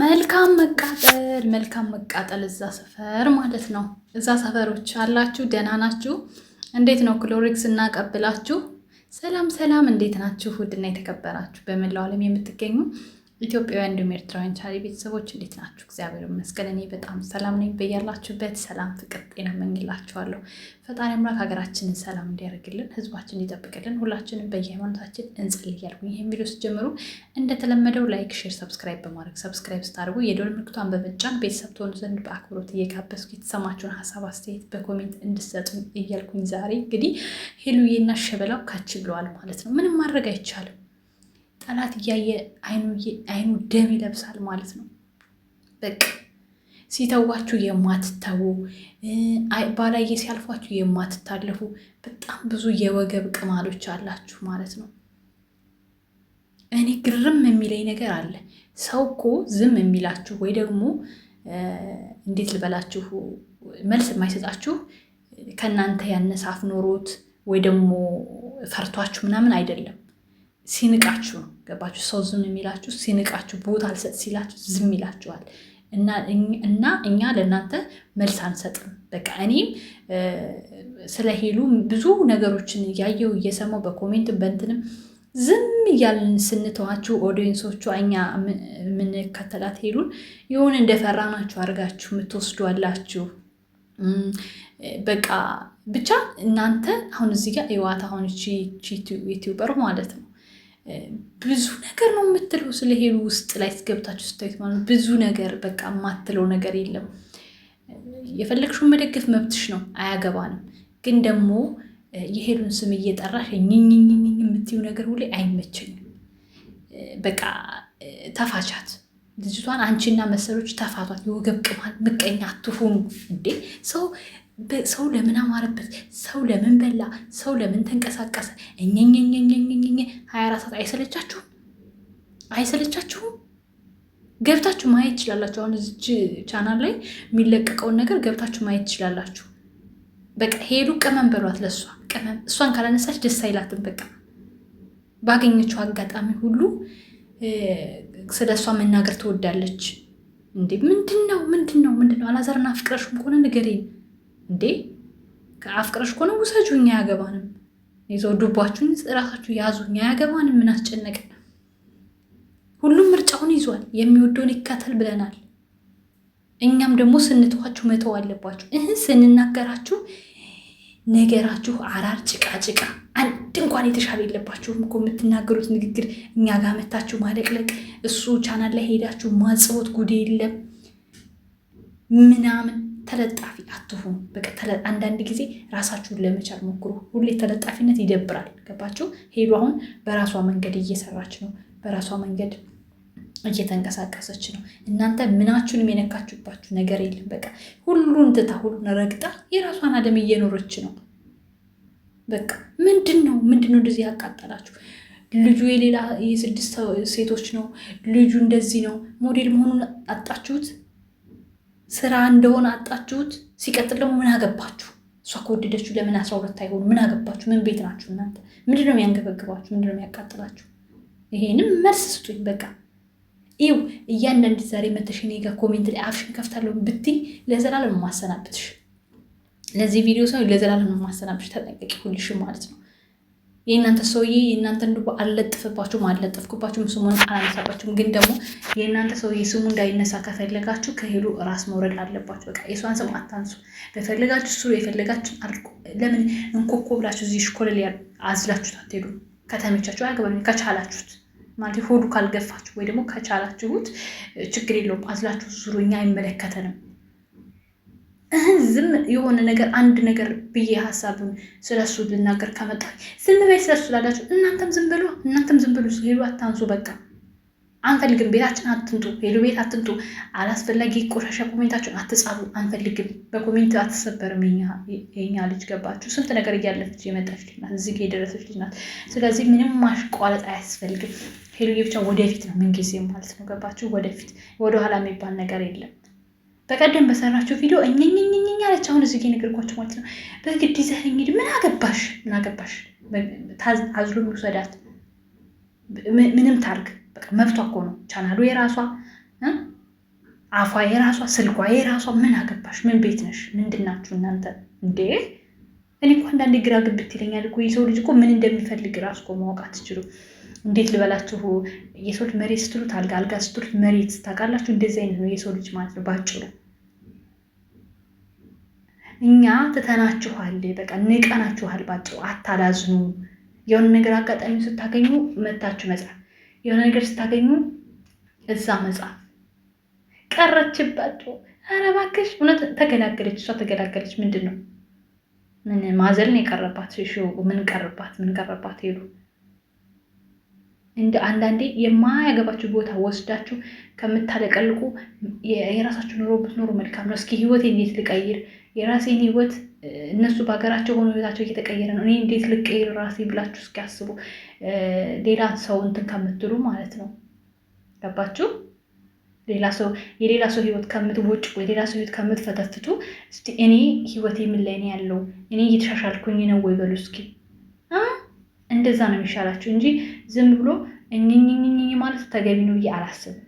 መልካም መቃጠል መልካም መቃጠል እዛ ሰፈር ማለት ነው። እዛ ሰፈሮች አላችሁ? ደህና ናችሁ? እንዴት ነው? ክሎሪክስ እናቀብላችሁ። ሰላም ሰላም፣ እንዴት ናችሁ? ውድና የተከበራችሁ በመላው ዓለም የምትገኙ ኢትዮጵያውያን እንዲሁም ኤርትራውያን ቻሪ ቤተሰቦች እንዴት ናችሁ? እግዚአብሔር ይመስገን እኔ በጣም ሰላም ነኝ። በያላችሁበት ሰላም፣ ፍቅር፣ ጤና እመኝላችኋለሁ። ፈጣሪ አምላክ ሀገራችንን ሰላም እንዲያደርግልን፣ ህዝባችን እንዲጠብቅልን፣ ሁላችንም በየሃይማኖታችን እንጸልይ እያልኩኝ ይህን ቪዲዮ ስትጀምሩ እንደተለመደው ላይክ፣ ሼር፣ ሰብስክራይብ በማድረግ ሰብስክራይብ ስታደርጉ የደወል ምልክቷን በመጫን ቤተሰብ ትሆኑ ዘንድ በአክብሮት እየጋበዝኩ የተሰማችሁን ሀሳብ አስተያየት በኮሜንት እንድሰጡኝ እያልኩኝ ዛሬ እንግዲህ ሄሉዬና ሸበላው ካች ብለዋል ማለት ነው። ምንም ማድረግ አይቻልም። ጠላት እያየ አይኑ ደም ይለብሳል ማለት ነው። በቃ ሲተዋችሁ የማትተዉ ባላየ ሲያልፏችሁ የማትታለፉ በጣም ብዙ የወገብ ቅማሎች አላችሁ ማለት ነው። እኔ ግርም የሚለኝ ነገር አለ። ሰው እኮ ዝም የሚላችሁ ወይ ደግሞ እንዴት ልበላችሁ መልስ የማይሰጣችሁ ከእናንተ ያነሳፍ ኖሮት ወይ ደግሞ ፈርቷችሁ ምናምን አይደለም ሲንቃችሁ ነው። ገባችሁ? ሰው ዝም የሚላችሁ ሲንቃችሁ፣ ቦታ አልሰጥ ሲላችሁ ዝም ይላችኋል። እና እኛ ለእናንተ መልስ አንሰጥም። በቃ እኔም ስለ ሄሉ ብዙ ነገሮችን እያየው እየሰማው በኮሜንትም በእንትንም ዝም እያልን ስንተዋችሁ ኦዲየንሶቿ እኛ የምንከተላት ሄሉን የሆነ እንደፈራናችሁ አድርጋችሁ የምትወስዷላችሁ። በቃ ብቻ እናንተ አሁን እዚህ ጋር አሁን ዩቲዩበር ማለት ነው ብዙ ነገር ነው የምትለው ስለ ሄሉ ውስጥ ላይ ገብታችሁ ስታዩት ማለት ነው። ብዙ ነገር በቃ የማትለው ነገር የለም። የፈለግሽውን መደገፍ መብትሽ ነው፣ አያገባንም። ግን ደግሞ የሄሉን ስም እየጠራሽ ኝኝኝኝ የምትዩ ነገር ሁሌ አይመቸኝም። በቃ ተፋቻት ልጅቷን አንቺና መሰሎች ተፋቷት። የወገብ ቅማል ምቀኛ አትሆኑ እንዴ ሰው ሰው ለምን አማረበት፣ ሰው ለምን በላ፣ ሰው ለምን ተንቀሳቀሰ፣ እኛኛኛኛኛኛ ሀያ አራት ሰዓት አይሰለቻችሁ? አይሰለቻችሁም? ገብታችሁ ማየት ትችላላችሁ። አሁን እዚች ቻናል ላይ የሚለቀቀውን ነገር ገብታችሁ ማየት ትችላላችሁ። በቃ ሄዱ ቅመም በሏት፣ ለእሷ ቅመም። እሷን ካላነሳች ደስ አይላትም። በቃ ባገኘችው አጋጣሚ ሁሉ ስለ እሷ መናገር ትወዳለች። እንዴ ምንድን ነው ምንድን ነው ምንድን ነው? አላዛርና ፍቅረሽ ከሆነ ንገሬን እንዴ ከአፍቅረሽ እኮ ነው ውሰጁኝ፣ አያገባንም። የዘወዱባችሁን ራሳችሁ ያዙኝ፣ አያገባንም። ምን አስጨነቀን? ሁሉም ምርጫውን ይዟል። የሚወደውን ይከተል ብለናል። እኛም ደግሞ ስንተዋችሁ መተው አለባችሁ። እህ ስንናገራችሁ ነገራችሁ አራር ጭቃ ጭቃ፣ አንድ እንኳን የተሻለ የለባችሁም እኮ የምትናገሩት ንግግር። እኛ ጋር መታችሁ ማለቅለቅ፣ እሱ ቻናል ላይ ሄዳችሁ ማጽወት ጉድ የለም ምናምን ተለጣፊ አትሁኑ። አንዳንድ ጊዜ ራሳችሁን ለመቻል ሞክሩ። ሁሌ ተለጣፊነት ይደብራል። ገባችሁ? ሄሉ አሁን በራሷ መንገድ እየሰራች ነው። በራሷ መንገድ እየተንቀሳቀሰች ነው። እናንተ ምናችሁንም የነካችሁባችሁ ነገር የለም። በቃ ሁሉን ትታ ሁሉን ረግጣ የራሷን ዓለም እየኖረች ነው። በቃ ምንድን ነው ምንድን ነው እንደዚህ ያቃጠላችሁ? ልጁ የሌላ የስድስት ሴቶች ነው። ልጁ እንደዚህ ነው። ሞዴል መሆኑን አጣችሁት። ስራ እንደሆነ አጣችሁት። ሲቀጥል ደግሞ ምን አገባችሁ? እሷ ከወደደችሁ ለምን አስራ ሁለት አይሆኑ? ምን አገባችሁ? ምን ቤት ናችሁ እናንተ? ምንድነው የሚያንገበግባችሁ? ምንድነው የሚያቃጥላችሁ? ይሄንም መልስ ስጡኝ። በቃ ይው እያንዳንድ ዛሬ መተሽ እኔ ጋር ኮሜንት ላይ አፍሽን ከፍታለሁ ብትይ ለዘላለም ማሰናብትሽ። ለዚህ ቪዲዮ ሰው ለዘላለም ማሰናብትሽ። ተጠንቀቂ ሁልሽም ማለት ነው። የእናንተ ሰውዬ የእናንተ ዱባ አልለጥፍባችሁም፣ አልለጥፍኩባችሁም፣ ስሙን አላነሳባችሁም። ግን ደግሞ የእናንተ ሰውዬ ስሙ እንዳይነሳ ከፈለጋችሁ ከሄሉ ራስ መውረድ አለባችሁ። በቃ የሷን ስም አታንሱ። በፈለጋችሁ ስሩ፣ የፈለጋችሁን አድርጎ። ለምን እንኮኮ ብላችሁ እዚህ ሽኮለል አዝላችሁት አትሄዱ። ከተመቻችሁ አያገባኝ ከቻላችሁት ማለት ሆዱ ካልገፋችሁ ወይ ደግሞ ከቻላችሁት ችግር የለውም አዝላችሁ ዙሩ፣ እኛ አይመለከተንም። ዝም የሆነ ነገር አንድ ነገር ብዬ ሀሳብም ስለሱ ልናገር ከመጣ ዝም በይ ስለሱ ላላቸው፣ እናንተም ዝም ብሎ እናንተም ዝም ብሎ ሄዱ አታንሱ። በቃ አንፈልግም፣ ቤታችን አትንጡ፣ ሄዱ ቤት አትንጡ። አላስፈላጊ ቆሻሻ ኮሜንታችን አትጻፉ፣ አንፈልግም። በኮሜንት አትሰበርም የኛ ልጅ ገባችሁ። ስንት ነገር እያለፈች የመጣች ልጅ ናት፣ እዚህ የደረሰች ልጅ ናት። ስለዚህ ምንም ማሽቋለጥ አያስፈልግም። ሄዱ ብቻ ወደፊት ነው ምንጊዜ ማለት ነው። ገባችሁ? ወደፊት ወደኋላ የሚባል ነገር የለም። በቀደም በሰራችሁ ቪዲዮ እኝኝኝኝኝ ያለች አሁን እዚህ ነገርኳችሁ ማለት ነው። በግድ ይዘህ እንግዲህ ምን አገባሽ ምን አገባሽ አዝሎ የሚወሰዳት ምንም ታርግ፣ መብቷ እኮ ነው። ቻናሉ የራሷ አፏ የራሷ ስልኳ የራሷ ምን አገባሽ? ምን ቤት ነሽ? ምንድናችሁ እናንተ እንዴ? እኔ እኮ አንዳንዴ ግራ ግብት ይለኛል እኮ የሰው ልጅ እኮ ምን እንደሚፈልግ ራሱ እኮ ማወቅ አትችሉም። እንዴት ልበላችሁ የሰው ልጅ መሬት ስትሉት አልጋ፣ አልጋ ስትሉት መሬት ታውቃላችሁ። እንደዚህ አይነት ነው የሰው ልጅ ማለት ነው ባጭሩ። እኛ ትተናችኋል፣ በቃ ንቀናችኋል ባጭሩ። አታላዝኑ። የሆነ ነገር አጋጣሚ ስታገኙ መታችሁ መጽሐፍ፣ የሆነ ነገር ስታገኙ እዛ መጽሐፍ ቀረችባቸው ኧረ እባክሽ እውነት ተገላገለች፣ እሷ ተገላገለች። ምንድን ነው ምን ማዘልን የቀረባት ምን ቀረባት ምን ቀረባት ሄዱ እንደ አንዳንዴ የማያገባችሁ ቦታ ወስዳችሁ ከምታለቀልቁ የራሳችሁ ኑሮ ብትኖሩ መልካም ነው። እስኪ ህይወት እንዴት ልቀይር፣ የራሴን ህይወት እነሱ በሀገራቸው ሆኖ ህይወታቸው እየተቀየረ ነው፣ እኔ እንዴት ልቀይር ራሴ ብላችሁ እስኪ አስቡ። ሌላ ሰው እንትን ከምትሉ ማለት ነው። ገባችሁ? ሌላ ሰው የሌላ ሰው ህይወት ከምትወጭ የሌላ ሰው ህይወት ከምትፈተፍቱ እስኪ እኔ ህይወቴ ምን ላይ ነው ያለው፣ እኔ እየተሻሻልኩኝ ነው ወይ በሉ እስኪ እንደዛ ነው የሚሻላቸው እንጂ ዝም ብሎ እኝኝኝኝ ማለት ተገቢ ነው ብዬ አላስብም።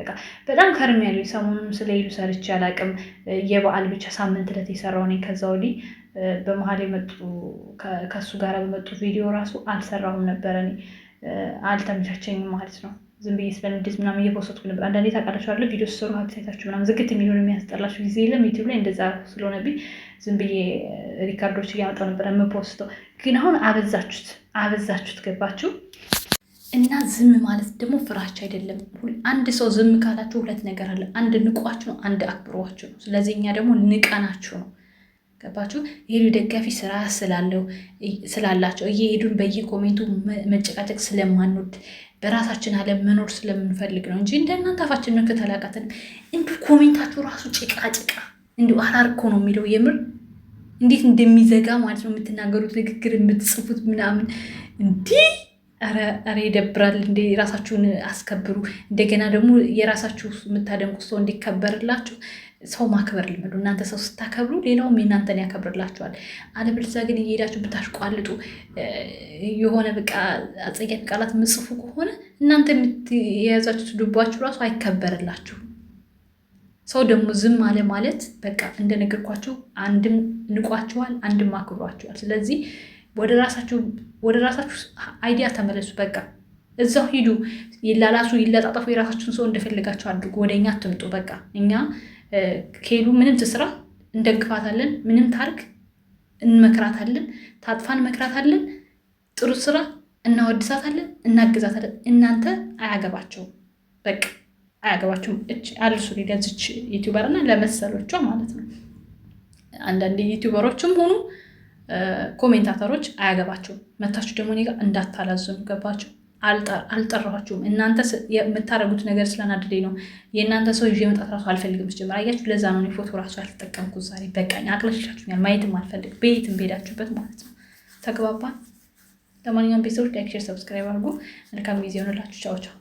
በቃ በጣም ከርም ያለ ሰሞኑን ስለ ሄዱ ሰርች አላቅም። የበዓል ብቻ ሳምንት ዕለት የሰራው እኔ ከዛ ወዲህ በመሀል የመጡ ከእሱ ጋር በመጡ ቪዲዮ ራሱ አልሰራሁም ነበረ። እኔ አልተመቻቸኝም ማለት ነው። ዝም ብዬ ስለ ምናምን እየፖስትኩ ነበር። አንዳንዴ ታውቃላችኋለሁ ቪዲዮ ስሰሩ ሀብሳይታችሁ ምናምን ዝግት የሚሆን የሚያስጠላችሁ ጊዜ የለም። ዩቲብ ላይ እንደዛ ስለሆነብኝ ዝም ብዬ ሪካርዶች እያመጣው ነበር የምፖስተው። ግን አሁን አበዛችሁት፣ አበዛችሁት። ገባችሁ እና ዝም ማለት ደግሞ ፍራቻ አይደለም። አንድ ሰው ዝም ካላችሁ ሁለት ነገር አለ። አንድ ንቋችሁ ነው፣ አንድ አክብሯችሁ ነው። ስለዚህ እኛ ደግሞ ንቀናችሁ ነው ገባችሁ? የሄዱ ደጋፊ ስራ ስላለው ስላላቸው እየሄዱን በየኮሜንቱ መጨቃጨቅ ስለማንወድ በራሳችን ዓለም መኖር ስለምንፈልግ ነው እንጂ እንደ እናንተ አፋችን መክፈት አላቃተን። እንዲ ኮሜንታችሁ ራሱ ጭቃጭቃ እንዲ አላርኮ ነው የሚለው የምር እንዴት እንደሚዘጋ ማለት ነው። የምትናገሩት ንግግር የምትጽፉት ምናምን እንዲህ ኧረ ይደብራል። እንደ ራሳችሁን አስከብሩ። እንደገና ደግሞ የራሳችሁ የምታደንቁ ሰው እንዲከበርላችሁ ሰው ማክበር ልመዱ። እናንተ ሰው ስታከብሩ ሌላውም የእናንተን ያከብርላችኋል። አለበለዚያ ግን እየሄዳችሁ ብታሽቋልጡ የሆነ በቃ አጸያፊ ቃላት ምጽፉ ከሆነ እናንተ የያዛችሁት ዱባችሁ ራሱ አይከበርላችሁ። ሰው ደግሞ ዝም አለ ማለት በቃ እንደነገርኳችሁ አንድም ንቋችኋል፣ አንድም አክብሯችኋል። ስለዚህ ወደ ራሳችሁ አይዲያ ተመለሱ። በቃ እዛው ሂዱ፣ ይላላሱ፣ ይለጣጠፉ፣ የራሳችሁን ሰው እንደፈለጋችሁ አድርጉ። ወደ እኛ አትምጡ። በቃ እኛ ኬሉ ምንም ትስራ እንደግፋታለን። ምንም ታርግ እንመክራታለን። ታጥፋን እንመክራታለን ጥሩ ስራ እናወድሳታለን፣ እናግዛታለን። እናንተ አያገባቸውም፣ በቃ አያገባቸውም። እች አልሱ ሊገዝች ዩቲዩበር እና ለመሰሎቿ ማለት ነው። አንዳንድ ዩቲዩበሮችም ሆኑ ኮሜንታተሮች አያገባቸውም። መታችሁ ደግሞ እኔ እንዳታላዘኑ ገባቸው። አልጠራኋችሁም እናንተ የምታደርጉት ነገር ስለናድዴ ነው። የእናንተ ሰው ይዤ መጣት ራሱ አልፈልግም። ስጀምር አያችሁ፣ ለዛ ነው ፎቶ ራሱ አልተጠቀምኩት ዛሬ። በቃኝ፣ አቅለሽላችሁኛል። ማየትም አልፈልግ በየትም በሄዳችሁበት ማለት ነው። ተግባባ። ለማንኛውም ቤተሰቦች ላይክ፣ ሼር፣ ሰብስክራይብ አድርጉ። መልካም ጊዜ ሆነላችሁ። ቻው ቻው።